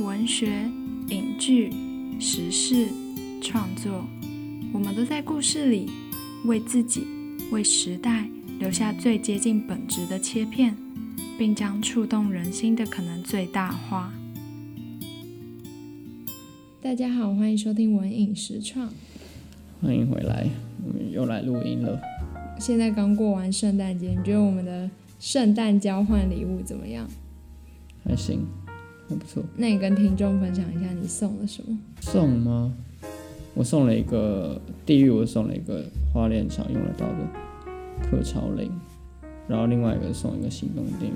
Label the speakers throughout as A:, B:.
A: 文學、影劇、時事、創作，我們都在故事裡為自己、為時代留下最接近本質的切片，並將觸動人心的可能最大化。大家好，歡迎收聽文影時創。
B: 歡迎回來，我們又來錄音了。
A: 現在剛過完聖誕節，你覺得我們的聖誕交換禮物怎麼樣？
B: 還行。很、哦、不錯。
A: 那你跟聽眾分享一下，你送了什麼？
B: 送嗎？我送了一個地獄，我送了一個花蓮常用得到的克潮靈。然後另外一個送一個行動電源，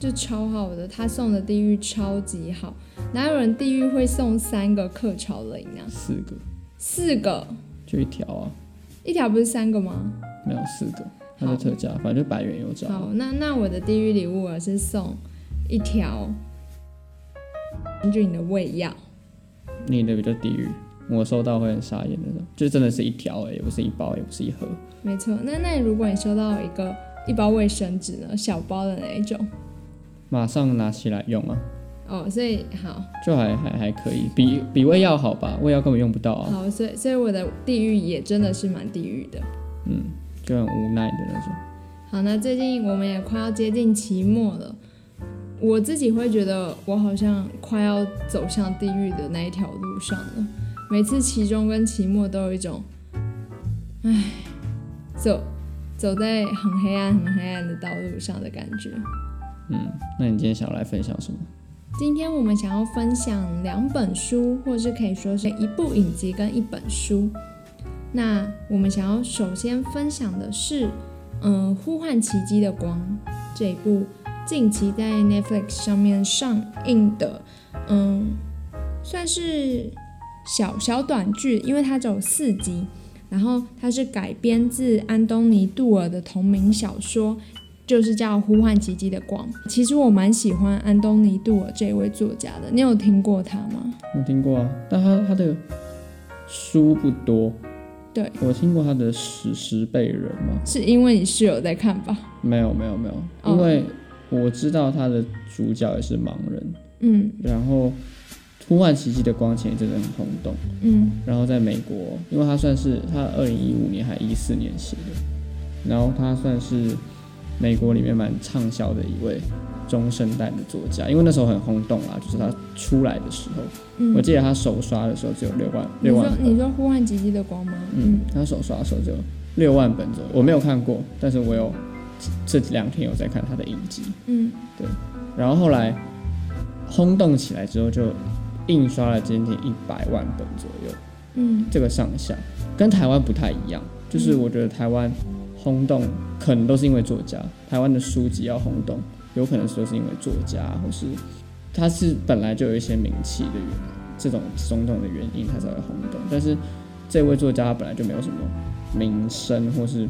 A: 就超好的。他送的地獄超級好，哪有人地獄會送三個克潮靈啊？四個？四個？
B: 就一條啊？
A: 一條不是三個嗎？
B: 沒有四個，它的特價，好反正百元有找。好，
A: 那那我的地獄禮物我是送一條。根據你的胃藥，
B: 你的比較地獄，我收到會很傻眼的那種，就真的是一條、欸、也不是一包，也不是一盒。
A: 沒錯，那那你如果你收到一個一包衛生紙呢，小包的那一種，
B: 馬上拿起來用啊。
A: 哦，所以好，
B: 就還還還可以，比比胃藥好吧，胃藥根本用不到啊。
A: 好，所以所以我的地獄也真的是蠻地獄的，
B: 嗯，就很無奈
A: 的那種。好，那最近我們也快要接近期末了。我自己會覺得，我好像快要走向地獄的那一條路上了。每次期中跟期末都有一種，唉，走，走在很黑暗、很黑暗的道路上的感覺。嗯，
B: 那你今天想要來分享什麼？
A: 今天我們想要分享兩本書，或者是可以說是一部影集跟一本書。那我們想要首先分享的是，嗯、呃，《呼喚奇蹟的光》這一部。近期在 Netflix 上面上映的，嗯，算是小小短劇，因為它只有四集，然後它是改編自安東尼·杜爾的同名小說，就是叫《呼喚奇蹟的光》。其實我蠻喜歡安東尼·杜爾這位作家的，你有聽過他嗎？
B: 我聽過啊，但他他的書不多。對，我聽過他的十《拾貝人》嗎？是
A: 因為你室友在看吧？
B: 沒有，沒有，沒有，oh, 因為。我知道他的主角也是盲人，嗯，然後《呼喚奇蹟的光》前真的很轟動，嗯，然後在美國，因為他算是他二零一五年還是一四年寫的，然後他算是美國裡面蠻暢銷的一位中生代的作家，因為那時候很轟動啊。就是他出來的時候，嗯，我記得他首刷的時候只有六萬說六萬，你
A: 說《呼喚奇蹟的光》嗎？嗯，嗯
B: 他首刷的時候就六萬本左右，我沒有看過，但是我有。這兩天有在看他的影集，嗯，對，然後後來轟動起來之後，就印刷了將近一百萬本左右，嗯，這個上下跟台灣不太一樣，就是我覺得台灣轟動可能都是因為作家，嗯、台灣的書籍要轟動，有可能說是因為作家或是他是本來就有一些名氣的原因，這種轟動的原因，他才會轟動。但是這位作家本來就沒有什麼名聲，或是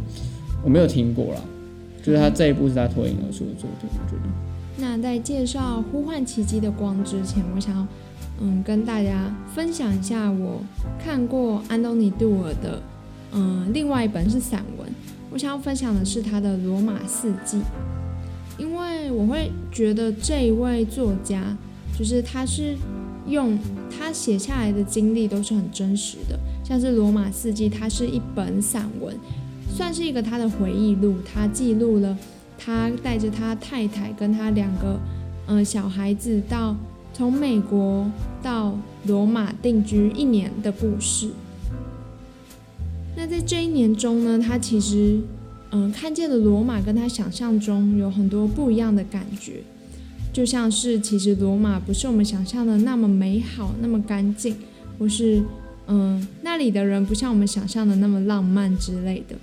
B: 我沒有聽過啦。嗯就是他這一部是他脫穎而出的作品，我覺得、嗯。
A: 那在介紹《呼喚奇蹟的光》之前，我想要嗯跟大家分享一下我看過安東尼·杜爾的嗯另外一本是散文。我想要分享的是他的《羅馬四季》，因為我會覺得這一位作家就是他是用他寫下來的經歷都是很真實的，像是《羅馬四季》，它是一本散文。算是一個他的回憶錄，他記錄了他帶着他太太跟他兩個嗯、呃、小孩子到從美國到羅馬定居一年的故事。那在這一年中呢，他其實嗯、呃、看見的羅馬跟他想象中有很多不一樣的感覺，就像是其實羅馬不是我們想象的那麼美好，那麼乾淨，或是嗯、呃、那裡的人不像我們想象的那麼浪漫之類的。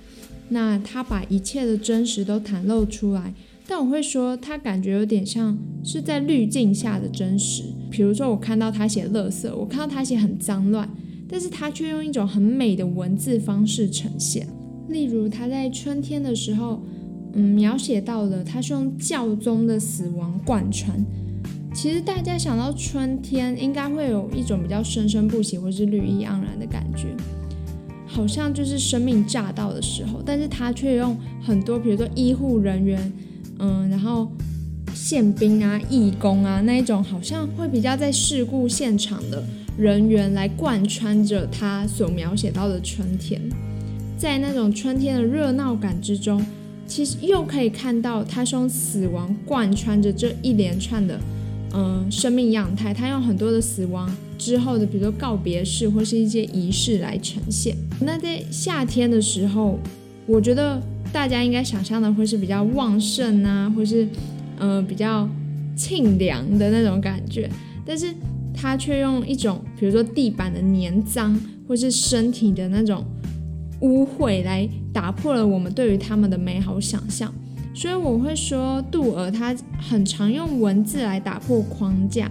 A: 那他把一切的真實都袒露出來，但我會說，他感覺有點像是在濾鏡下的真實。比如說，我看到他寫垃圾，我看到他寫很髒亂，但是他卻用一種很美的文字方式呈現。例如，他在春天的時候，嗯，描寫到了，他是用教宗的死亡貫穿。其實大家想到春天，應該會有一種比較生生不息或是綠意盎然的感覺。好像就是生命乍到的時候，但是他卻用很多，比如說醫護人員，嗯，然後憲兵啊、義工啊那一種，好像會比較在事故現場的人員來貫穿着他所描寫到的春天，在那種春天的熱鬧感之中，其實又可以看到他是用死亡貫穿着這一連串的。嗯、呃，生命樣態，他用很多的死亡之後的，比如說告別式或是一些儀式來呈現。那在夏天的時候，我覺得大家應該想象的會是比較旺盛啊，或是，嗯、呃，比較清涼的那種感覺。但是，他卻用一種比如說地板的黏髒或是身體的那種污穢，來打破了我們對於他們的美好想象所以我會說，杜爾他很常用文字來打破框架，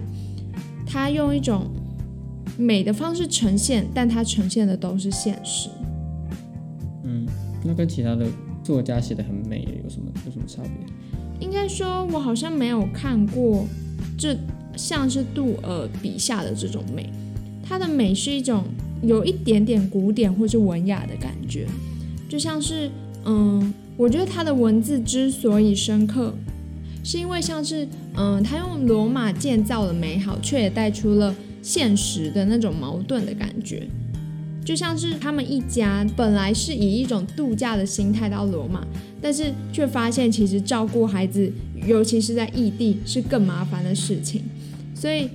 A: 他用一種美的方式呈現，但他呈現的都是現實。
B: 嗯，那跟其他的作家寫得很美有什麼有什麼差別？
A: 應該說，我好像沒有看過，這像是杜爾筆下的這種美，他的美是一種有一點點古典或是文雅的感覺，就像是嗯。我覺得他的文字之所以深刻，是因為像是嗯，他用羅馬建造的美好，卻也帶出了現實的那種矛盾的感覺。就像是他們一家本來是以一種度假的心態到羅馬，但是卻發現其實照顧孩子，尤其是在異地，是更麻煩的事情。所以，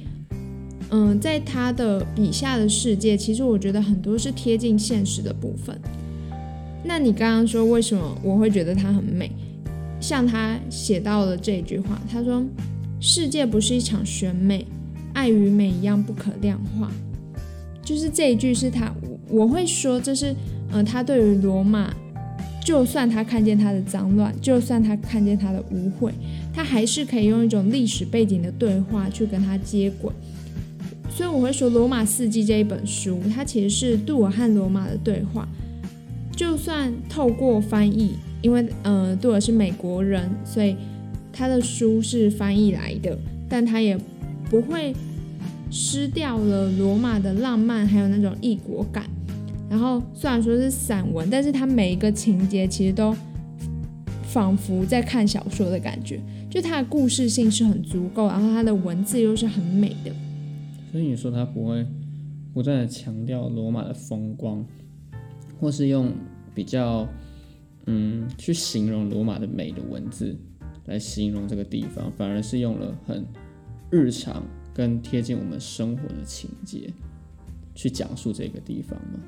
A: 嗯，在他的筆下的世界，其實我覺得很多是貼近現實的部分。那你剛剛說，為什麼我會覺得它很美，像他寫到了這一句話，他說世界不是一場選美，愛與美一樣不可量化，就是這一句是他我，我會說就是嗯、呃，他對於羅馬，就算他看見他的髒亂，就算他看見他的污穢，他還是可以用一種歷史背景的對話去跟他接軌。所以我會說，《羅馬四季》這一本書，它其實是杜爾和羅馬的對話。就算透過翻譯，因為嗯杜爾是美國人，所以他的書是翻譯來的，但他也不會失掉了羅馬的浪漫還有那種異國感。然後雖然說是散文，但是他每一個情節其實都仿佛在看小說的感覺，就他的故事性是很足夠，然後他的文字又是很美的。
B: 所以你說他不會不再強調羅馬的風光？或是用比較嗯去形容羅馬的美的文字來形容這個地方，反而是用了很日常跟貼近我們生活的情節去講述這個地方嗎？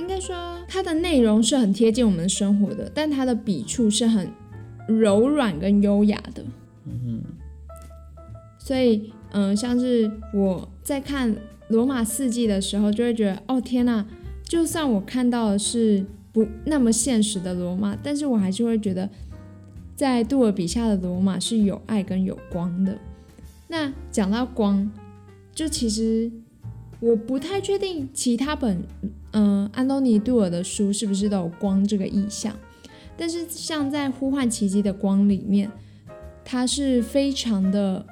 A: 應該說它的內容是很貼近我們生活的，但它的筆觸是很柔軟跟優雅的。嗯哼，所以嗯，呃，像是我在看《羅馬四季》的時候，就會覺得哦天吶，啊！就算我看到的是不那麼現實的羅馬，但是我還是會覺得，在杜爾筆下的羅馬是有愛跟有光的。那講到光，就其實我不太確定其他本，嗯、呃，安東尼·杜爾的書是不是都有光這個意象，但是像在《呼喚奇蹟的光》裡面，它是非常的，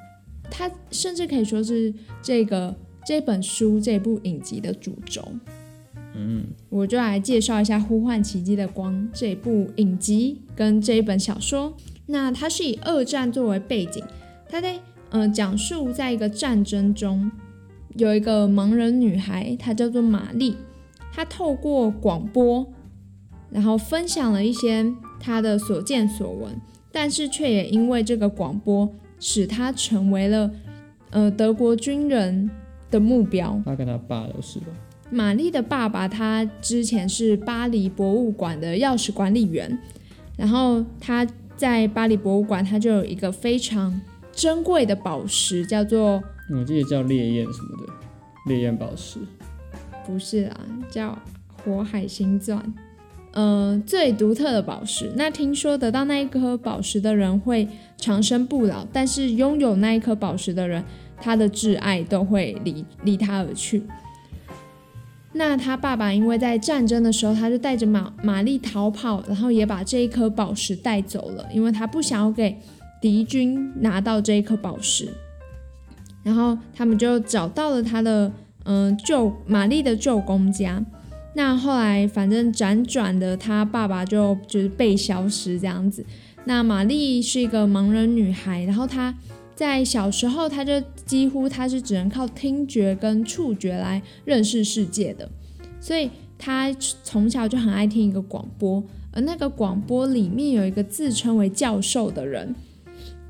A: 它甚至可以說是這個這本書、這部影集的主軸。嗯， 我就來介紹一下《呼喚奇蹟的光》這部影集跟這一本小說。那它是以二戰作為背景，它在呃講述在一個戰爭中有一個盲人女孩，她叫做瑪莉，她透過廣播，然後分享了一些她的所見所聞，但是卻也因為這個廣播使她成為了呃德國軍人的目標。
B: 她跟她爸都是吧？
A: 瑪麗的爸爸，他之前是巴黎博物館的鑰匙管理員，然後他在巴黎博物館，他就有一個非常珍貴的寶石，叫做
B: 我記得叫烈焰什麼的，烈焰寶石，
A: 不是啊，叫火海星鑽，呃、嗯，最獨特的寶石。那聽說得到那一顆寶石的人會長生不老，但是擁有那一顆寶石的人，他的摯愛都會離離他而去。那他爸爸因為在戰爭的時候，他就帶着瑪瑪麗逃跑，然後也把這一顆寶石帶走了，因為他不想給敵軍拿到這一顆寶石。然後他們就找到了他的嗯舅、呃、瑪麗的舅公家。那後來反正輾轉的，他爸爸就就是被消失這樣子。那瑪麗是一個盲人女孩，然後她。在小時候，他就幾乎他是只能靠聽覺跟觸覺來認識世界的，所以他從小就很愛聽一個廣播，而那個廣播裡面有一個自稱為教授的人，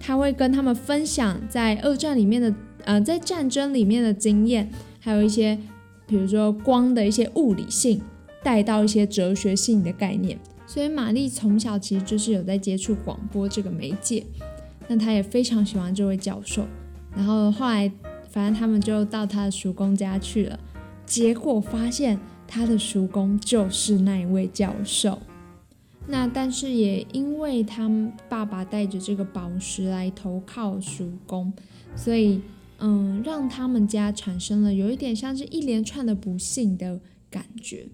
A: 他會跟他們分享在二戰裡面的，呃，在戰爭裡面的經驗，還有一些比如說光的一些物理性，帶到一些哲學性的概念。所以瑪莉從小其實就是有在接觸廣播這個媒介。那他也非常喜歡這位教授，然後後來，反正他們就到他的叔公家去了，結果發現他的叔公就是那一位教授。那但是也因為他爸爸帶着這個寶石來投靠叔公，所以嗯，讓他們家產生了有一點像是一連串的不幸的感覺。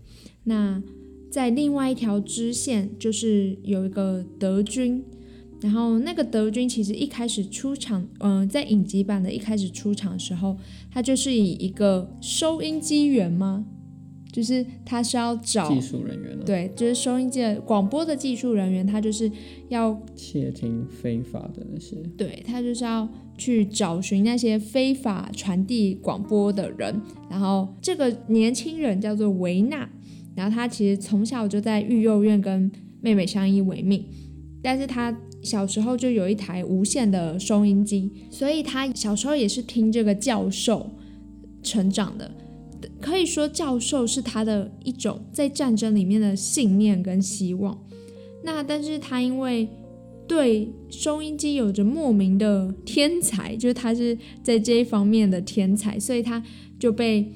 A: 那在另外一條支線，就是有一個德軍。然後那個德軍其實一開始出場，嗯、呃，在影集版的一開始出場的時候，他就是以一個收音機員嘛，就是他是要找技術人員、啊，對，就是收音機的廣播的技術人員，他就是要
B: 竊聽非法的那些，
A: 對，他就是要去找尋那些非法傳遞廣播的人。然後這個年輕人叫做韋納，然後他其實從小就在育幼院跟妹妹相依為命，但是他。小時候就有一台無線的收音機，所以他小時候也是聽這個教授成長的，可以說教授是他的一種在戰爭裡面的信念跟希望。那但是他因為對收音機有着莫名的天才，就是他是在這一方面的天才，所以他就被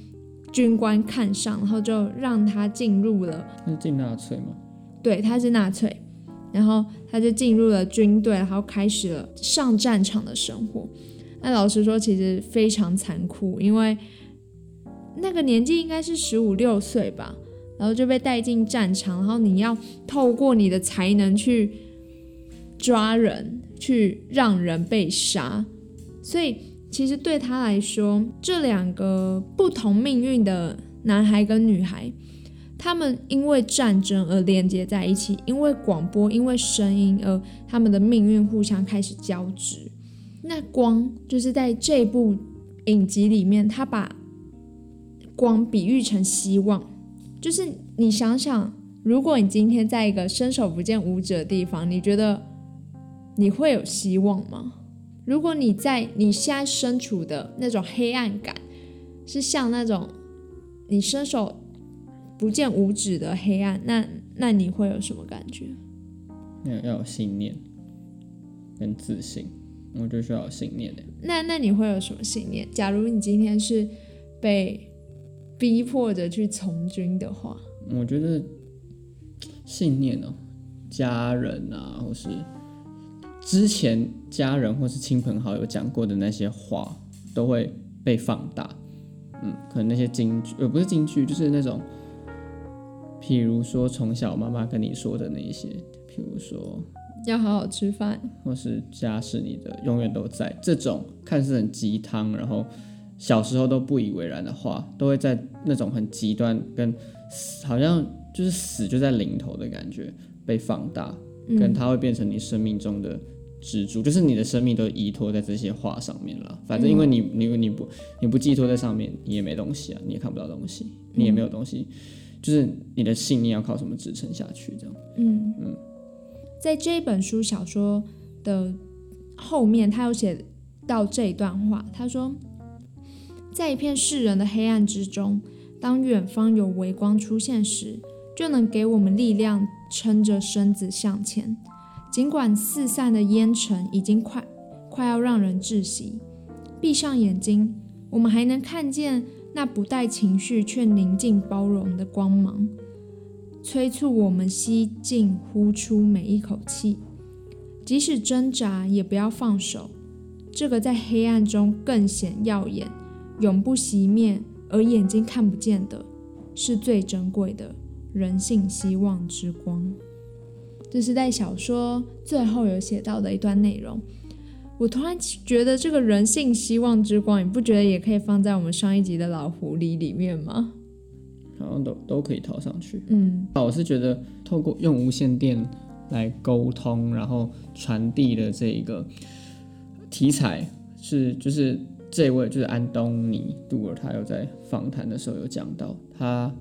A: 軍官看上，然後就讓他進入了。
B: 那是進納粹嗎？
A: 對，他是納粹。然後他就進入了軍隊，然後開始了上戰場的生活。那老實說，其實非常殘酷，因為那個年紀應該是十五六歲吧，然後就被帶進戰場，然後你要透過你的才能去抓人，去讓人被殺。所以其實對他來說，這兩個不同命運的男孩跟女孩。他們因為戰爭而連接在一起，因為廣播，因為聲音而他們的命運互相開始交織。那光就是在這部影集裡面，他把光比喻成希望。就是你想想，如果你今天在一個伸手不見五指的地方，你覺得你會有希望嗎？如果你在你現在身處的那種黑暗感，是像那種你伸手。不見五指的黑暗，那那你會有什麼感覺？
B: 要要有信念跟自信，我就需要有信念的。
A: 那那你會有什麼信念？假如你今天是被逼迫着去從軍的話，
B: 我覺得信念哦，家人啊，或是之前家人或是親朋好友講過的那些話，都會被放大。嗯，可能那些金句，呃，不是金句，就是那種。譬如說，從小媽媽跟你說的那一些，譬如說
A: 要好好吃飯，
B: 或是家是你的，永遠都在，這種看似很雞湯，然後小時候都不以為然的話，都會在那種很極端跟好像就是死就在臨頭的感覺被放大，跟它會變成你生命中的支柱，嗯、就是你的生命都依托在這些話上面了。反正因為你、嗯、你你不你不寄托在上面，你也沒東西啊，你也看不到東西，你也沒有東西。嗯就是你的信念要靠什麼支撐下去？這樣，嗯嗯，
A: 嗯，在這本書小說的後面，他有寫到這一段話，他說，在一片世人的黑暗之中，當遠方有微光出現時，就能給我們力量，撐着身子向前。儘管四散的煙塵已經快快要讓人窒息，閉上眼睛，我們還能看見。那不帶情緒卻寧靜包容的光芒，催促我們吸進、呼出每一口氣，即使掙扎也不要放手。這個在黑暗中更顯耀眼、永不熄滅而眼睛看不見的，是最珍貴的人性希望之光。這是在小說最後有寫到的一段內容。我突然覺得這個人性希望之光，你不覺得也可以放在我們上一集的老狐狸裡面嗎？
B: 好像都都可以套上去。嗯，啊，我是覺得透過用無線電來溝通，然後傳遞的這一個題材，是就是這位就是安東尼杜爾，他有在訪談的時候有講到，他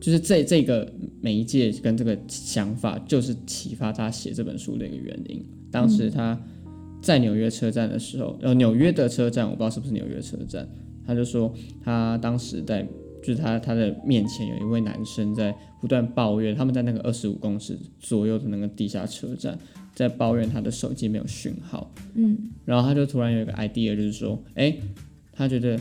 B: 就是這這個媒介跟這個想法，就是啟發他寫這本書的一個原因。嗯，當時他。在紐約車站的時候，呃，紐約的車站，我不知道是不是紐約車站。他就說，他當時在，就是他他的面前有一位男生在不斷抱怨，他們在那個二十五公尺左右的那個地下車站，在抱怨他的手機沒有訊號。嗯，然後他就突然有一個 idea，就是說，哎、欸，他覺得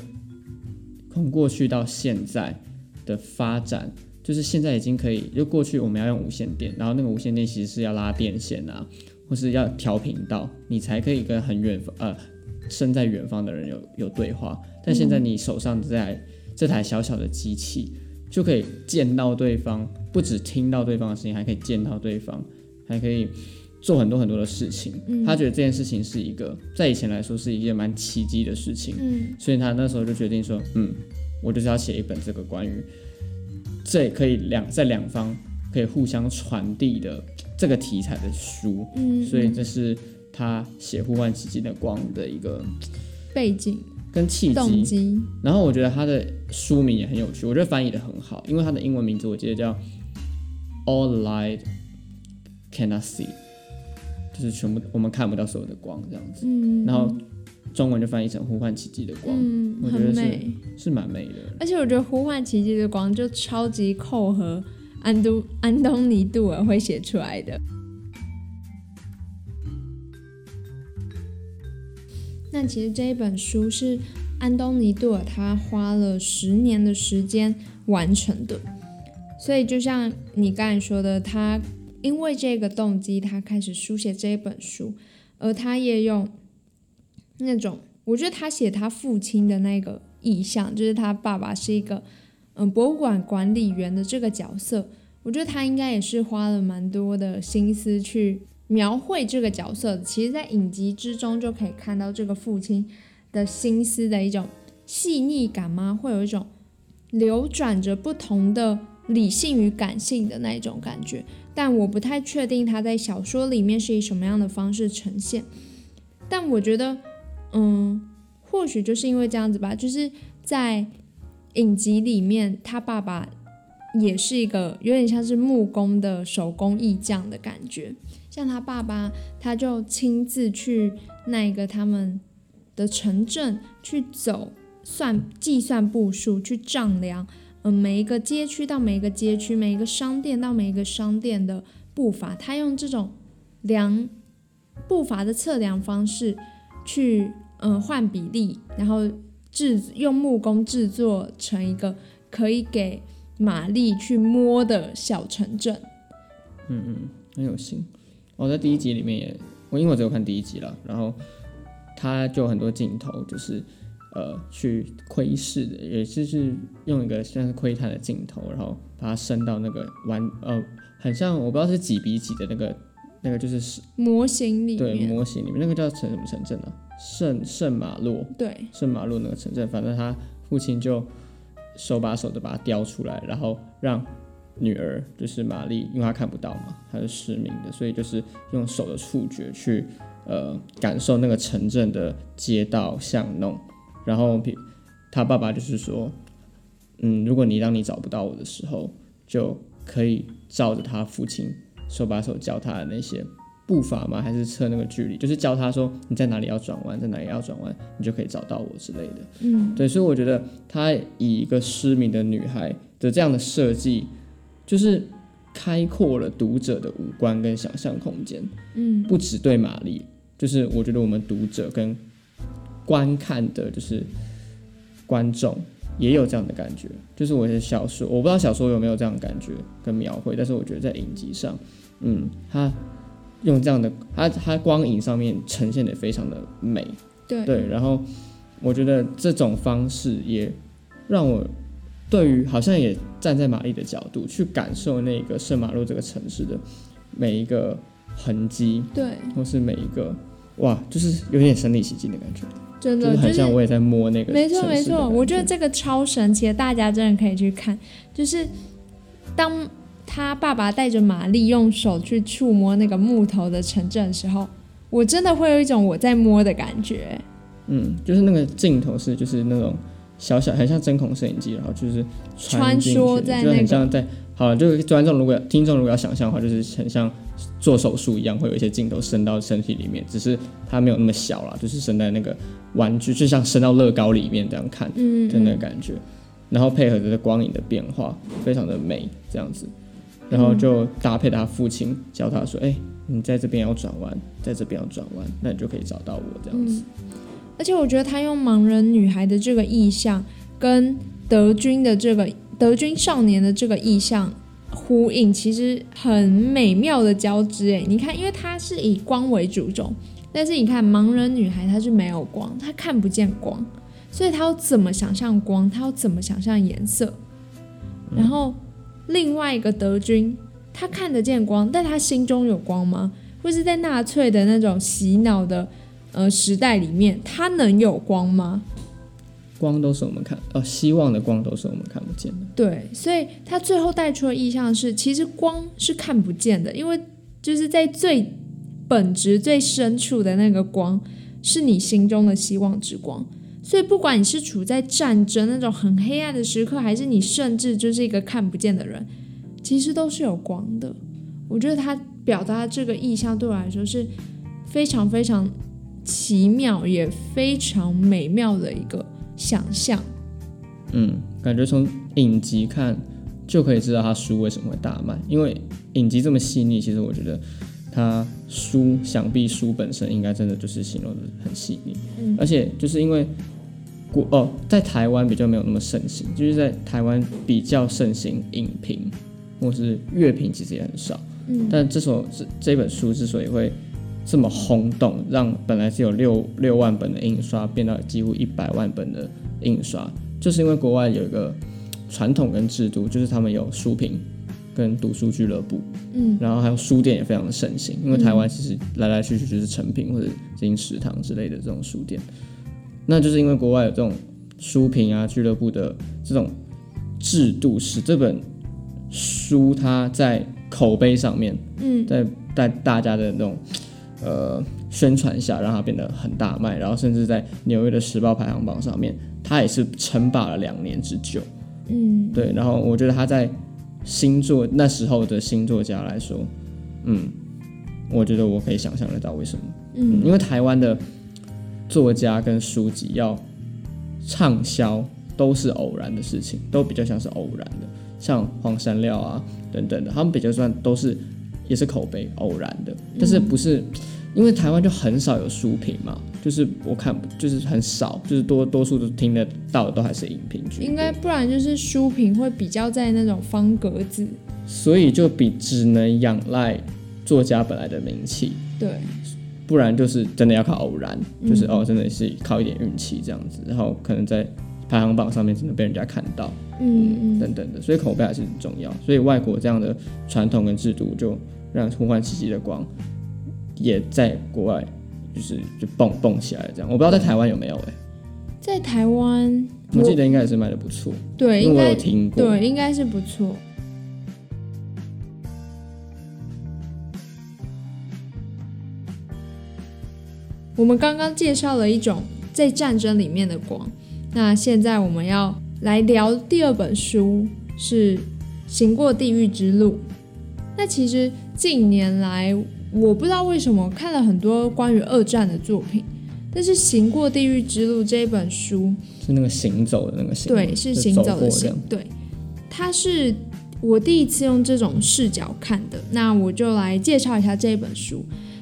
B: 從過去到現在的發展，就是現在已經可以，就過去我們要用無線電，然後那個無線電其實是要拉電線啊。或是要調頻道，你才可以跟很遠方呃，身在遠方的人有有對話。但現在你手上這台，嗯，這台小小的機器，就可以見到對方，不止聽到對方的聲音，還可以見到對方，還可以做很多很多的事情。嗯，他覺得這件事情是一個在以前來說是一件蠻奇蹟的事情。嗯，所以他那時候就決定說，嗯，我就是要寫一本這個關於，這可以兩在兩方。可以互相傳遞的這個題材的書，嗯，所以這是他寫《呼喚奇蹟的光》的一個背景跟契機。機然後我覺得他的書名也很有趣，我覺得翻譯的很好，因為他的英文名字我記得叫 All Light Cannot See，就是全部我們看不到所有的光這樣子。嗯，然後中文就翻譯成《呼喚奇蹟的光》，嗯，很美，我覺得是是蠻美的。
A: 而且我覺得《呼喚奇蹟的光》就超級扣合。安東安東尼·杜爾會寫出來的。那其實這一本書是安東尼·杜爾他花了十年的時間完成的。所以就像你剛才說的，他因為這個動機，他開始書寫這一本書，而他也用那種，我覺得他寫他父親的那個意象，就是他爸爸是一個。嗯，博物館管理員的這個角色，我覺得他應該也是花了蠻多的心思去描繪這個角色。其實，在影集之中就可以看到這個父親的心思的一種細膩感嘛，會有一種流轉着不同的理性與感性的那一種感覺。但我不太確定他在小說裡面是以什麼樣的方式呈現。但我覺得，嗯，或許就是因為這樣子吧，就是在。影集裡面，他爸爸也是一個有點像是木工的手工藝匠的感覺。像他爸爸，他就親自去那一個他們的城鎮去走算，算計算步數，去丈量，嗯、呃，每一個街區到每一個街區，每一個商店到每一個商店的步伐，他用這種量步伐的測量方式去，嗯、呃，換比例，然後。製用木工製作成一個可以給瑪麗去摸的小城鎮。嗯
B: 嗯，很有心。我、哦、在第一集裡面也，我因為我只有看第一集了，然後他就很多鏡頭就是，呃，去窺視的，也就是用一個像是窺探的鏡頭，然後把它伸到那個玩，呃，很像我不知道是幾比幾的那個那個就是
A: 模型裡。對，模
B: 型裡面那個叫什麼城鎮呢、啊？聖聖馬洛，對，聖馬洛那個城鎮，反正他父親就手把手的把他雕出來，然後讓女兒就是瑪麗，因為她看不到嘛，她是失明的，所以就是用手的觸覺去呃感受那個城鎮的街道巷弄，然後他爸爸就是說，嗯，如果你當你找不到我的時候，就可以照着他父親手把手教他的那些。步伐嗎？還是測那個距離？就是教他說你在哪裡要轉彎，在哪裡要轉彎，你就可以找到我之類的。嗯，對，所以我覺得他以一個失明的女孩的這樣的設計，就是開闊了讀者的五官跟想象空間。嗯，不只對瑪麗，就是我覺得我們讀者跟觀看的，就是觀眾也有這樣的感覺。就是我的小說，我不知道小說有沒有這樣的感覺跟描繪，但是我覺得在影集上，嗯，他。用這樣的，它它光影上面呈現的非常的美，對,對，然後我覺得這種方式也讓我對於好像也站在瑪麗的角度去感受那個聖馬洛這個城市的每一個痕跡，對，或是每一個哇，就是有點身歷其境的感覺，真的，是很像我也在摸那個、就是，沒錯沒錯，我覺得
A: 這個超神奇，大家真的可以去看，就是當。他爸爸帶着瑪莉用手去觸摸那個木頭的城鎮的時候，我真的會有一種我在摸的感覺、欸。嗯，
B: 就是那個鏡頭是，就是那種小小，很像針孔攝影機，然後就是穿梭在、那個、就很像在……好，就是觀眾如果聽眾如果要想象的話，就是很像做手術一樣，會有一些鏡頭伸到身體裡面，只是它沒有那麼小啦，就是伸在那個玩具，就像伸到樂高裡面這樣看，真的、嗯嗯、感覺。然後配合着光影的變化，非常的美，這樣子。然後就搭配他父親教他說：“哎、欸，你在這邊要轉彎，在這邊要轉彎，那你就可以找到我，這樣
A: 子。”嗯，而且我覺得他用盲人女孩的這個意象，跟德軍的這個德軍少年的這個意象呼應，其實很美妙的交織。誒，你看，因為他是以光為主軸，但是你看盲人女孩她是沒有光，她看不見光，所以她要怎麼想象光？她要怎麼想象顏色？嗯、然後。另外一個德軍，他看得見光，但他心中有光嗎？或是在納粹的那種洗腦的呃時代裡面，他能有光嗎？
B: 光都是我們看，哦、呃，希望的光都是我們看不見的。
A: 對，所以他最後帶出的意象是，其實光是看不見的，因為就是在最本質、最深處的那個光，是你心中的希望之光。所以，不管你是處在戰爭那種很黑暗的時刻，還是你甚至就是一個看不見的人，其實都是有光的。我覺得他表達這個意象對我來說是非常非常奇妙，也非常美妙的一個想象。
B: 嗯，感覺從影集看就可以知道他書為什麼會大賣，因為影集這麼細膩，其實我覺得。他書想必書本身應該真的就是形容的很細膩，嗯、而且就是因為國哦，在台灣比較沒有那麼盛行，就是在台灣比較盛行影評或是樂評其實也很少，嗯、但這首這這本書之所以會這麼轟動，讓本來只有六六萬本的印刷變到幾乎一百萬本的印刷，就是因為國外有一個傳統跟制度，就是他們有書評。跟讀書俱樂部，嗯，然後還有書店也非常的盛行，因為台灣其實來來去去就是誠品或者金石堂之類的這種書店，那就是因為國外有這種書評啊俱樂部的這種制度是，使這本書它在口碑上面，嗯，在在大家的那種呃宣傳下，讓它變得很大賣，然後甚至在紐約的時報排行榜上面，它也是稱霸了兩年之久，嗯，對，然後我覺得它在。新作那時候的新作家來說，嗯，我覺得我可以想象得到為什麼，嗯，因為台灣的作家跟書籍要暢銷都是偶然的事情，都比較像是偶然的，像黃山料啊等等的，他們比較算都是也是口碑偶然的，但是不是、嗯、因為台灣就很少有書評嘛？就是我看，就是很少，就是多多數都聽得到的都還是影評劇，應
A: 該不然就是書評會比較在那種方格子，
B: 所以就比只能仰賴作家本來的名氣，對、嗯，不然就是真的要靠偶然，就是、嗯、哦真的是靠一點運氣這樣子，然後可能在排行榜上面只能被人家看到，嗯，嗯等等的，所以口碑還是很重要，所以外國這樣的傳統跟制度就讓呼喚奇蹟的光也在國外。就是就蹦蹦起來這樣，我不知道在台灣有沒有哎、
A: 欸，在台灣，我，我記
B: 得應該也是賣的不錯，對，因為我有聽過，對，
A: 應該是不錯。我們剛剛介紹了一種在戰爭裡面的光，那現在我們要來聊第二本書，是《行過地獄之路》。那其實近年來。我不知道為什麼看了很多關於二戰的作品，但是《行過地獄之路》這一本書
B: 是那個行走的那個行，對，是行走的行。
A: 對，它是我第一次用這種視角看的。那我就來介紹一下這一本書。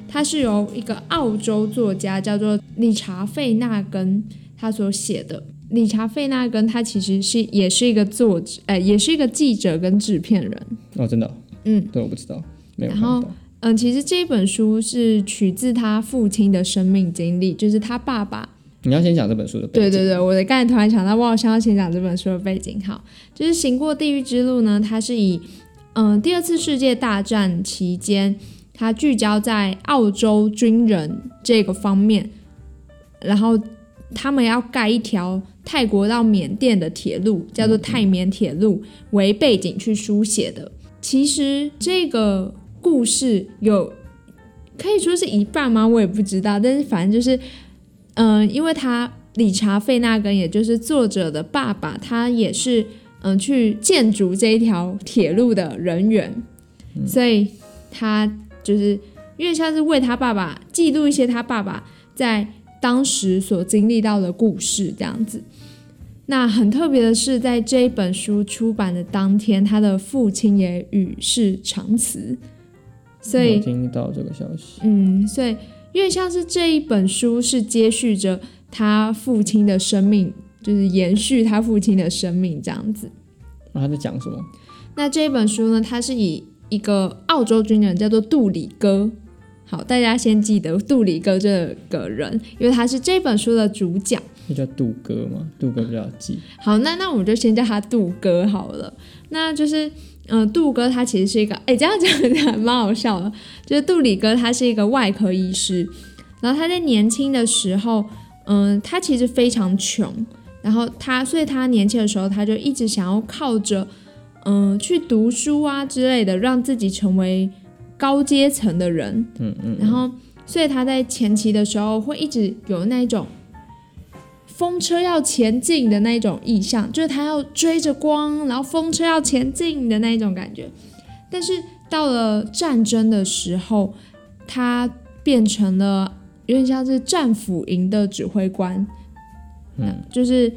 A: 它是由一個澳洲作家叫做理查費納根，他所寫的。理查費納根他其實是也是一個作者，哎、欸，也是一個記者跟製片人。
B: 哦，真的？嗯，對，我不知道，沒有。然後。
A: 嗯，其實這本書是取自他父親的生命經歷，就是他爸爸。你
B: 要先講這本書的背
A: 景。對對對，我的剛才突然想到，我好像要先講這本書的背景。好，就是《行過地獄之路》呢，它是以嗯、呃、第二次世界大戰期間，它聚焦在澳洲軍人這個方面，然後他們要蓋一條泰國到緬甸的鐵路，叫做泰緬鐵路，嗯嗯，為背景去書寫的。其實這個。故事有可以說是一半嗎？我也不知道。但是反正就是，嗯、呃，因為他理查費納根，也就是作者的爸爸，他也是嗯、呃、去建築這一條鐵路的人員，嗯、所以他就是因為他是為他爸爸記錄一些他爸爸在當時所經歷到的故事這樣子。那很特別的是，在這本書出版的當天，他的父親也與世長辭。所以
B: 聽到這個消
A: 息，嗯，所以因為像是這一本書是接續着他父親的生命，就是延續他父親的生命這樣子。
B: 那、啊、他在講什麼？
A: 那這一本書呢？他是以一個澳洲軍人叫做杜里戈，好，大家先記得杜里戈這個人，因為他是這本書的主角。那
B: 叫杜戈嘛。杜戈比較好記。
A: 好，那那我們就先叫他杜戈好了。那就是。嗯，杜哥他其實是一個，哎，這樣講講蠻好笑的。就是杜里戈他是一個外科醫師，然後他在年輕的時候，嗯，他其實非常窮，然後他，所以他年輕的時候他就一直想要靠着，嗯，去讀書啊之類的，讓自己成為高階層的人。嗯嗯，然後所以他在前期的時候會一直有那一種。風車要前進的那一種意象，就是他要追着光，然後風車要前進的那一種感覺。但是到了戰爭的時候，他變成了有點像是戰俘營的指揮官，嗯，就是，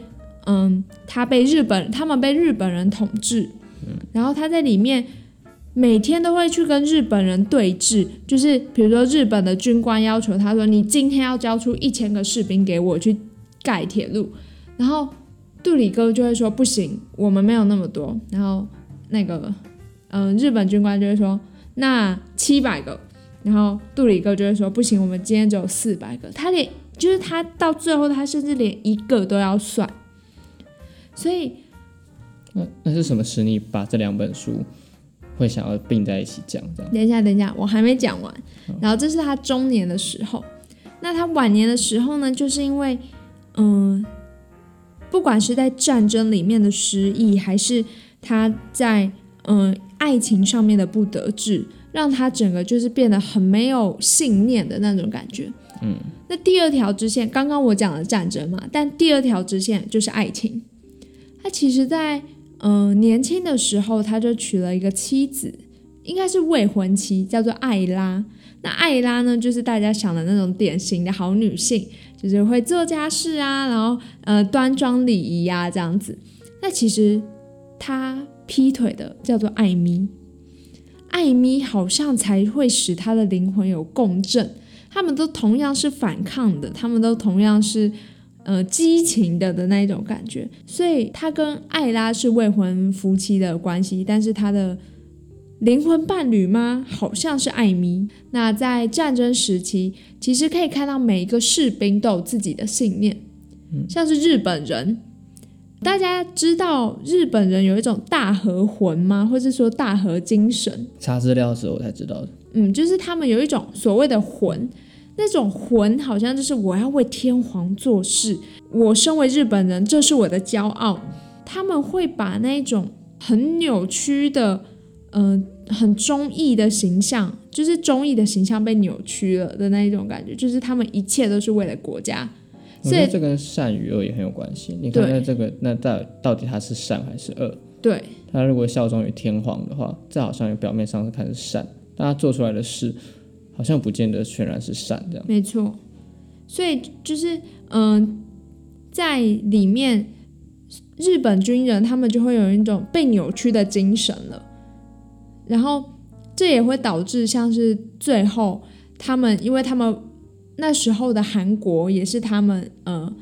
A: 嗯，他被日本，他們被日本人統治，嗯，然後他在裡面每天都會去跟日本人對峙，就是比如說日本的軍官要求他說：“你今天要交出一千個士兵給我去。”蓋鐵路，然後杜里戈就會說不行，我們沒有那麼多。然後那個嗯、呃，日本軍官就會說那七百個。然後杜里戈就會說不行，我們今天只有四百個。他連就是他到最後，他甚至連一個都要算。所以，
B: 那那是什麼使你把這兩本書會想要並在一起講？這
A: 樣，等一下，等一下，我還沒講完。然後這是他中年的時候，好那他晚年的時候呢？就是因為。嗯，不管是在戰爭裡面的失意，還是他在嗯愛情上面的不得志，讓他整個就是變得很沒有信念的那種感覺。嗯，那第二條支線，剛剛我講了戰爭嘛，但第二條支線就是愛情。他其實在，在嗯年輕的時候，他就娶了一個妻子，應該是未婚妻，叫做艾拉。那艾拉呢，就是大家想的那種典型的好女性，就是會做家事啊，然後呃端莊禮儀啊這樣子。那其實她劈腿的叫做艾米，艾米好像才會使她的靈魂有共振。她們都同樣是反抗的，她們都同樣是呃激情的的那一種感覺。所以她跟艾拉是未婚夫妻的關係，但是她的。靈魂伴侶嗎？好像是艾米。那在戰爭時期，其實可以看到每一個士兵都有自己的信念。嗯，像是日本人，大家知道日本人有一種大和魂嗎？或者說大和精神？
B: 查資料的時候我才知道的。
A: 嗯，就是他們有一種所謂的魂，那種魂好像就是我要為天皇做事，我身為日本人，這是我的驕傲。他們會把那種很扭曲的。嗯、呃，很忠義的形象，就是忠義的形象被扭曲了的那一種感覺，就是他們一切都是為了國家，嗯、所以這
B: 跟善與惡也很有關係。你看，那這個，對那到到底他是善還是惡？對，他如果效忠於天皇的話，這好像表面上是看是善，但他做出來的事，好像不見得全然是善這樣。
A: 沒錯，所以就是嗯、呃，在裡面，日本軍人他們就會有一種被扭曲的精神了。然後這也會導致，像是最後他們，因為他們那時候的韓國也是他們，嗯、呃，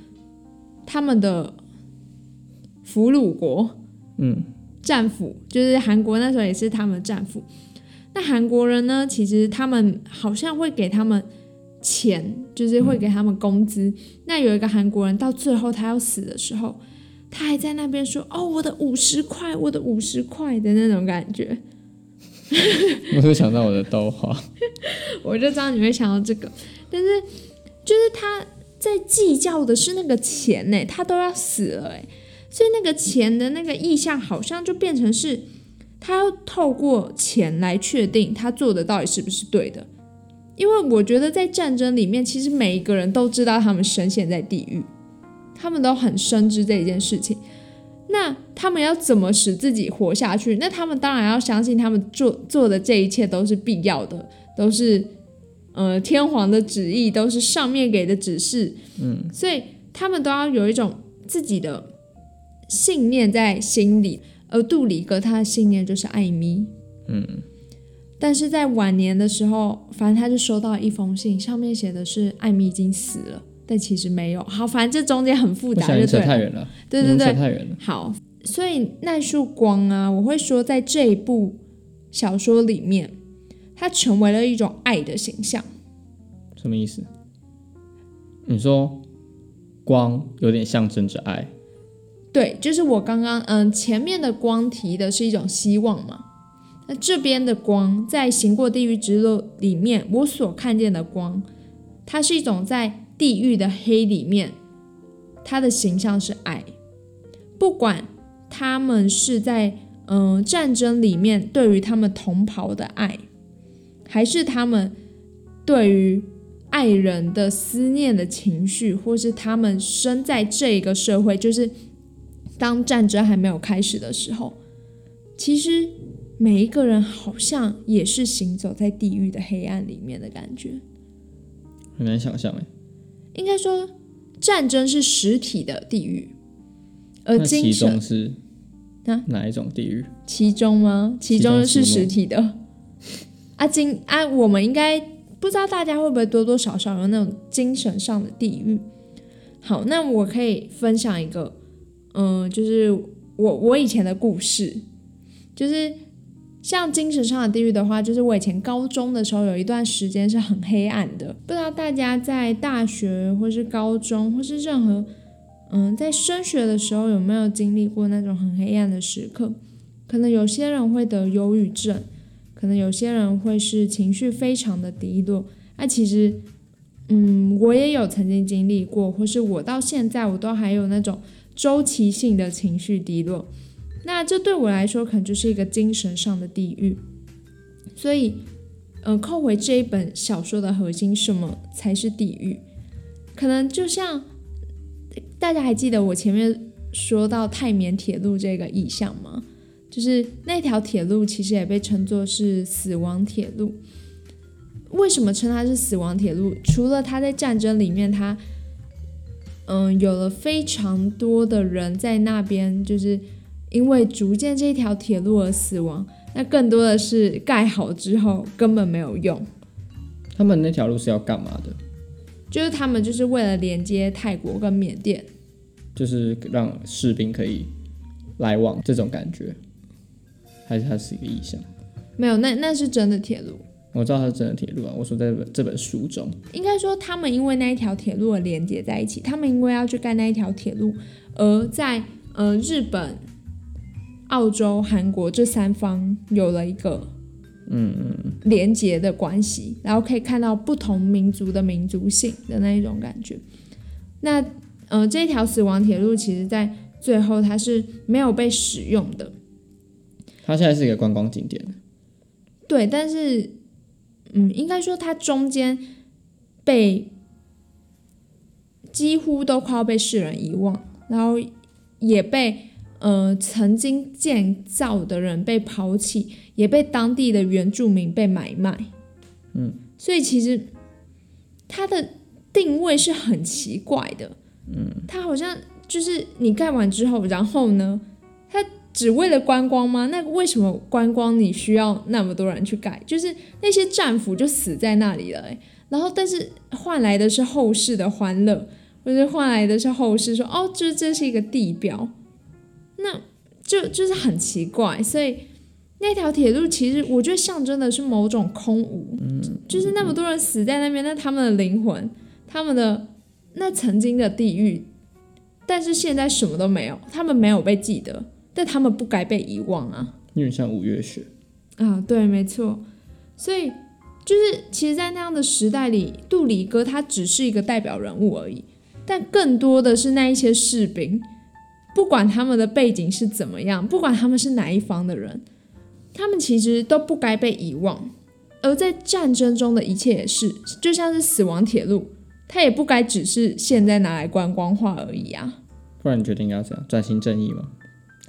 A: 他們的俘虜國，
B: 嗯，
A: 戰俘就是韓國那時候也是他們戰俘。那韓國人呢，其實他們好像會給他們錢，就是會給他們工資。嗯、那有一個韓國人到最後他要死的時候，他還在那邊說：“哦，我的五十塊，我的五十塊的那種感覺。”
B: 我就想到我的刀花，
A: 我就知道你會想到這個。但是，就是他在計較的是那個錢呢，他都要死了哎，所以那個錢的那個意象好像就變成是，他要透過錢來確定他做的到底是不是對的。因為我覺得在戰爭裡面，其實每一個人都知道他們深陷在地獄，他們都很深知這件事情。那他們要怎麼使自己活下去？那他們當然要相信，他們做做的這一切都是必要的，都是，呃，天皇的旨意，都是上面給的指示。嗯，所以他們都要有一種自己的信念在心裡。而杜里戈他的信念就是艾米。嗯，但是在晚年的時候，反正他就收到一封信，上面寫的是艾米已經死了。但其實沒有好，反正這中間很複雜，對，對對對，太遠了。好，所以那束光啊，我會說，在這一部小說裡面，它成為了一種愛的形象。
B: 什麼意思？你說，光有點象徵着愛。
A: 對，就是我剛剛嗯，前面的光提的是一種希望嘛。那這邊的光，在行過地獄之路裡面，我所看見的光，它是一種在。地獄的黑裡面，他的形象是愛。不管他們是在嗯、呃、戰爭裡面對於他們同袍的愛，還是他們對於愛人的思念的情緒，或是他們生在這個社會，就是當戰爭還沒有開始的時候，其實每一個人好像也是行走在地獄的黑暗裡面的感覺，
B: 很難想象哎。
A: 應該說，戰爭是實體的地獄，而精神，那其中是那
B: 哪一種地獄？
A: 啊？其中嗎？其中是實體的。其中其中啊，精啊，我們應該不知道大家會不會多多少少有那種精神上的地獄。好，那我可以分享一個，嗯、呃，就是我我以前的故事，就是。像精神上的地獄的話，就是我以前高中的時候有一段時間是很黑暗的。不知道大家在大學或是高中或是任何，嗯，在升學的時候有沒有經歷過那種很黑暗的時刻？可能有些人會得憂鬱症，可能有些人會是情緒非常的低落。那其實，嗯，我也有曾經經歷過，或是我到現在我都還有那種周期性的情緒低落。那這對我來說可能就是一個精神上的地獄，所以，呃，扣回這一本小說的核心，什麼才是地獄？可能就像大家還記得我前面說到泰緬鐵路這個意象嗎？就是那條鐵路其實也被稱作是死亡鐵路。為什麼稱它是死亡鐵路？除了它在戰爭裡面，它嗯，呃，有了非常多的人在那邊，就是。因為逐漸這一條鐵路而死亡，那更多的是蓋好之後根本沒有用。
B: 他們那條路是要幹嘛的？
A: 就是他們就是為了連接泰國跟緬甸，
B: 就是讓士兵可以來往這種感覺，還是它是一個意象？
A: 沒有，那那是真的鐵路。
B: 我知道它是真的鐵路啊。我說在這本這本書中，
A: 應該說他們因為那一條鐵路而連接在一起。他們因為要去蓋那一條鐵路，而在呃日本。澳洲、韓國這三方有了一個
B: 嗯
A: 連結的關係，嗯、然後可以看到不同民族的民族性的那一種感覺。那嗯、呃，這條死亡鐵路其實在最後它是沒有被使用的，
B: 它現在是一個觀光景點。
A: 對，但是嗯，應該說它中間被幾乎都快要被世人遺忘，然後也被。呃，曾經建造的人被拋棄，也被當地的原住民被買賣，嗯，所以其實它的定位是很奇怪的，嗯，它好像就是你蓋完之後，然後呢，它只為了觀光嗎？那為什麼觀光你需要那麼多人去蓋？就是那些戰俘就死在那裡了。欸，然後但是換來的是後世的歡樂，或者換來的是後世說，哦，這這是一個地標。那就就是很奇怪，所以那條鐵路其實我覺得象徵的是某種空無，嗯、就是那麼多人死在那邊，嗯、那他們的靈魂，他們的那曾經的地獄，但是現在什麼都沒有，他們沒有被記得，但他們不該被遺忘啊。
B: 有點像五月雪，
A: 啊，對，沒錯，所以就是其實，在那樣的時代裡，杜里戈他只是一個代表人物而已，但更多的是那一些士兵。不管他們的背景是怎麼樣，不管他們是哪一方的人，他們其實都不該被遺忘。而在戰爭中的一切也是，就像是死亡鐵路，它也不該只是現在拿來觀光化而已啊！
B: 不然你覺得應該怎樣？轉型正義嗎？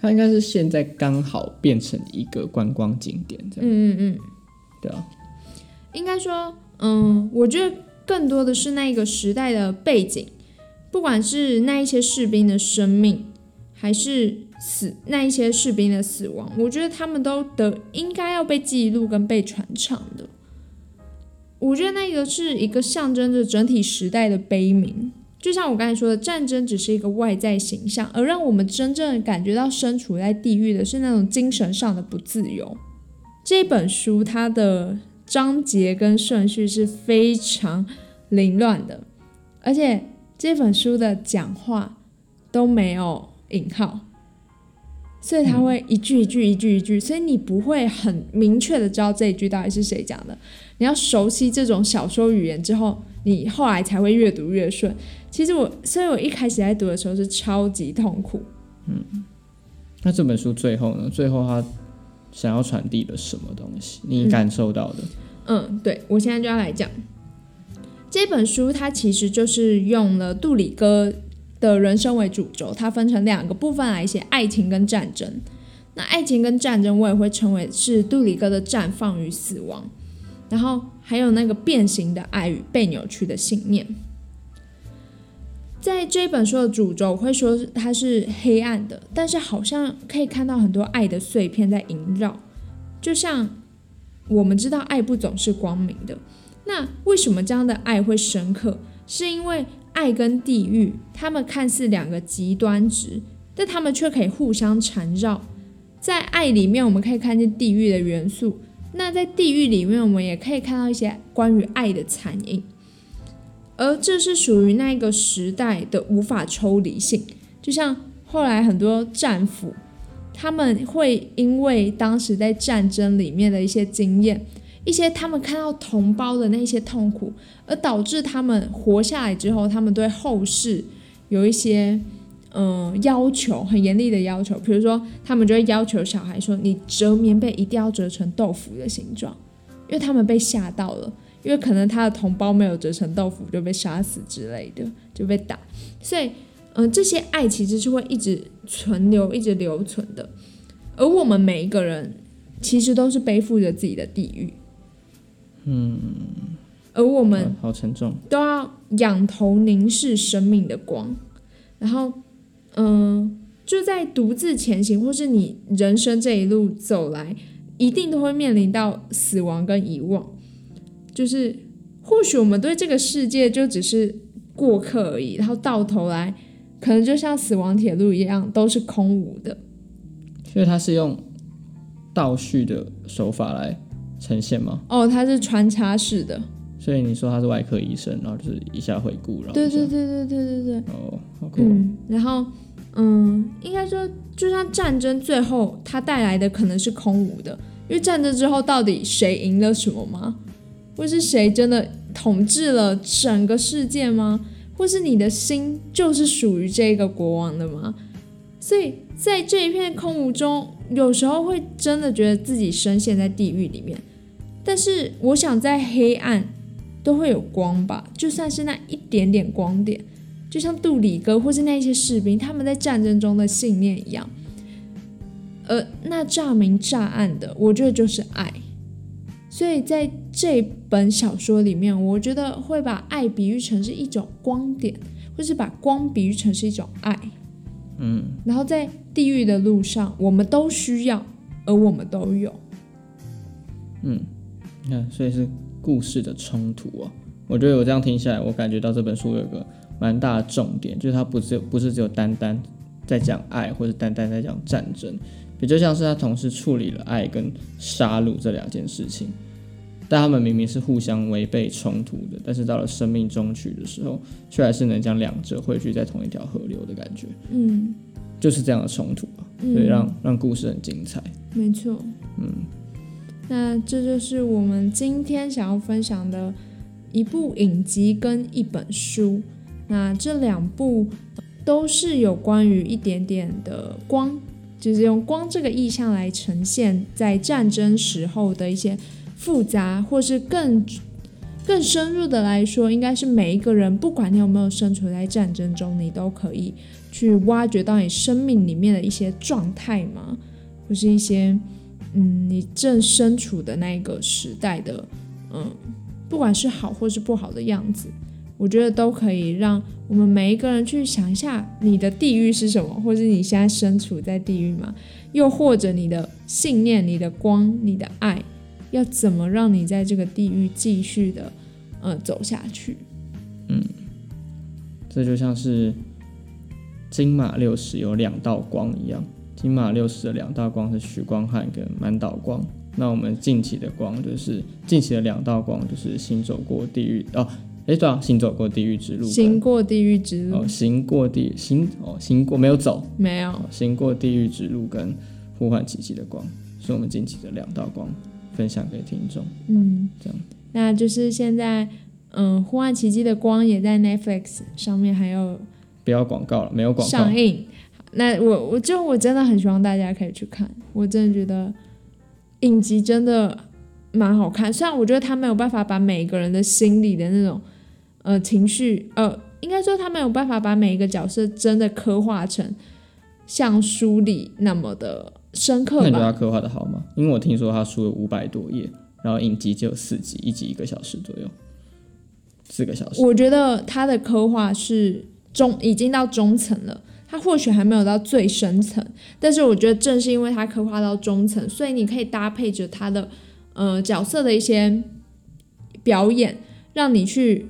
B: 它應該是現在剛好變成一個觀光景點，這樣。嗯嗯嗯，對啊。
A: 應該說，嗯，我覺得更多的是那個時代的背景，不管是那一些士兵的生命。還是死那一些士兵的死亡，我覺得他們都得應該要被記錄跟被傳唱的。我覺得那個是一個象徵着整體時代的悲鳴，就像我剛才說的，戰爭只是一個外在形象，而讓我們真正感覺到身處在地獄的是那種精神上的不自由。這本書它的章節跟順序是非常凌亂的，而且這本書的講話都沒有引號，所以他會一句一句一句一句，所以你不會很明確的知道這一句到底是誰講的。你要熟悉這種小說語言之後，你後來才會越讀越順。其實我，所以我一開始在讀的時候是超級痛苦，
B: 嗯。那這本書最後呢？最後他想要傳遞的什麼東西？你感受到的？
A: 嗯，嗯，對我現在就要來講，這本書它其實就是用了杜里戈的人生為主軸，它分成兩個部分來寫：愛情跟戰爭。那愛情跟戰爭，我也會稱為是杜里戈的綻放與死亡，然後還有那個變形的愛與被扭曲的信念。在這一本書的主軸，我會說它是黑暗的，但是好像可以看到很多愛的碎片在縈繞，就像我們知道愛不總是光明的。那為什麼這樣的愛會深刻？是因為愛跟地獄，他們看似兩個極端值，但他們卻可以互相纏繞。在愛裡面，我們可以看見地獄的元素；那在地獄裡面，我們也可以看到一些關於愛的殘影。而這是屬於那個時代的無法抽離性，就像後來很多戰俘，他們會因為當時在戰爭裡面的一些經驗。一些他們看到同胞的那些痛苦，而導致他們活下來之後，他們對後世有一些嗯、呃、要求，很嚴厲的要求。比如說，他們就會要求小孩說：“你折棉被一定要折成豆腐的形狀。”因為他們被嚇到了，因為可能他的同胞沒有折成豆腐就被殺死之類的就被打。所以，嗯、呃，這些愛其實是會一直存留、一直留存的。而我們每一個人其實都是背負着自己的地獄。嗯，而我們好沉重，都要仰頭凝視生命的光，嗯、然後，嗯、呃，就在獨自前行，或是你人生這一路走來，一定都會面臨到死亡跟遺忘，就是或許我們對這個世界就只是過客而已，然後到頭來，可能就像死亡鐵路一樣，都是空無的。
B: 所以他是用倒敘的手法來。呈現嗎？
A: 哦，它是穿插式的，
B: 所以你說他是外科醫生，然後就是一下回顧，然後對對對
A: 對對對對。哦，好酷。然後嗯，應該說就像戰爭最後它帶來的可能是空無的，因為戰爭之後到底誰贏了什麼嗎？或是誰真的統治了整個世界嗎？或是你的心就是屬於這個國王的嗎？所以在這一片空無中，有時候會真的覺得自己深陷在地獄裡面。但是我想，在黑暗都會有光吧，就算是那一點點光點，就像杜里戈或是那些士兵他們在戰爭中的信念一樣。呃，那乍明乍暗的，我覺得就是愛。所以在這本小說裡面，我覺得會把愛比喻成是一種光點，或是把光比喻成是一種愛。嗯。然後在地獄的路上，我們都需要，而我們都有。嗯。
B: 你看，yeah, 所以是故事的衝突啊！我覺得我這樣聽下來，我感覺到這本書有一個蠻大的重點，就是它不只有，不是只有單單在講愛，或者單單在講戰爭，比較像是他同時處理了愛跟殺戮這兩件事情，但他們明明是互相違背衝突的，但是到了生命終曲的時候，卻還是能將兩者匯聚在同一條河流的感覺。
A: 嗯，
B: 就是這樣的衝突啊，所以讓、嗯、讓故事很精彩。
A: 沒錯錯。嗯。那這就是我們今天想要分享的一部影集跟一本書。那這兩部都是有關於一點點的光，就是用光這個意象來呈現在戰爭時候的一些複雜，或是更更深入的來說，應該是每一個人，不管你有沒有生存在戰爭中，你都可以去挖掘到你生命裡面的一些狀態嘛，或、就是一些。嗯，你正身處的那個時代的，嗯，不管是好或是不好的樣子，我覺得都可以讓我們每一個人去想一下，你的地獄是什麼，或是你現在身處在地獄嗎？又或者你的信念、你的光、你的愛，要怎麼讓你在這個地獄繼續的，嗯，走下去？嗯，
B: 這就像是金馬六十有兩道光一樣。金馬六十的兩道光是許光漢跟滿島光。那我們近期的光就是近期的兩道光，就是行走過地獄哦，哎對啊，行走過地獄之，之路，行
A: 過地獄之路，哦，
B: 行過地行哦，行過沒有走，沒有行過地獄之路跟呼喚奇蹟的光，是我們近期的兩道光，分享給聽眾。嗯，這樣，
A: 那就是現在嗯，呼喚奇蹟的光也在 Netflix 上面，還有
B: 不要廣告了，沒有廣告上
A: 映。那我我就我真的很希望大家可以去看，我真的覺得影集真的蠻好看。雖然我覺得他沒有辦法把每一個人的心裡的那種呃情緒呃，應該說他沒有辦法把每一個角色真的刻畫成像書裡那麼的深刻吧。那你覺得他
B: 刻畫得好嗎？因為我聽說他書有五百多頁，然後影集只有四集，一集一個小時左右，四個小時。我
A: 覺得他的刻畫是中，已經到中層了。它或許還沒有到最深層，但是我覺得正是因為它刻畫到中層，所以你可以搭配着它的，呃，角色的一些表演，讓你去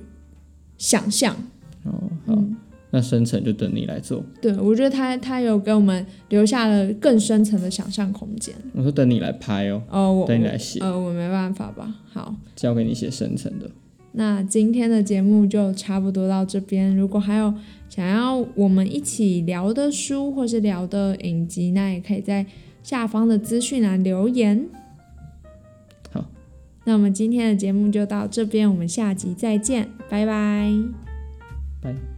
A: 想象。哦，好，
B: 嗯，那深層就等你來做。
A: 對，我覺得它它有給我們留下了更深層的想象空間。
B: 我說等你來拍哦，哦，我等你來寫。
A: 呃，我沒辦法吧，好，
B: 交給你寫深層的。
A: 那今天的節目就差不多到這邊，如果還有。想要我們一起聊的書或是聊的影集，那也可以在下方的資訊欄留言。好，那我們今天的節目就到這邊，我們下集再見，拜拜。拜。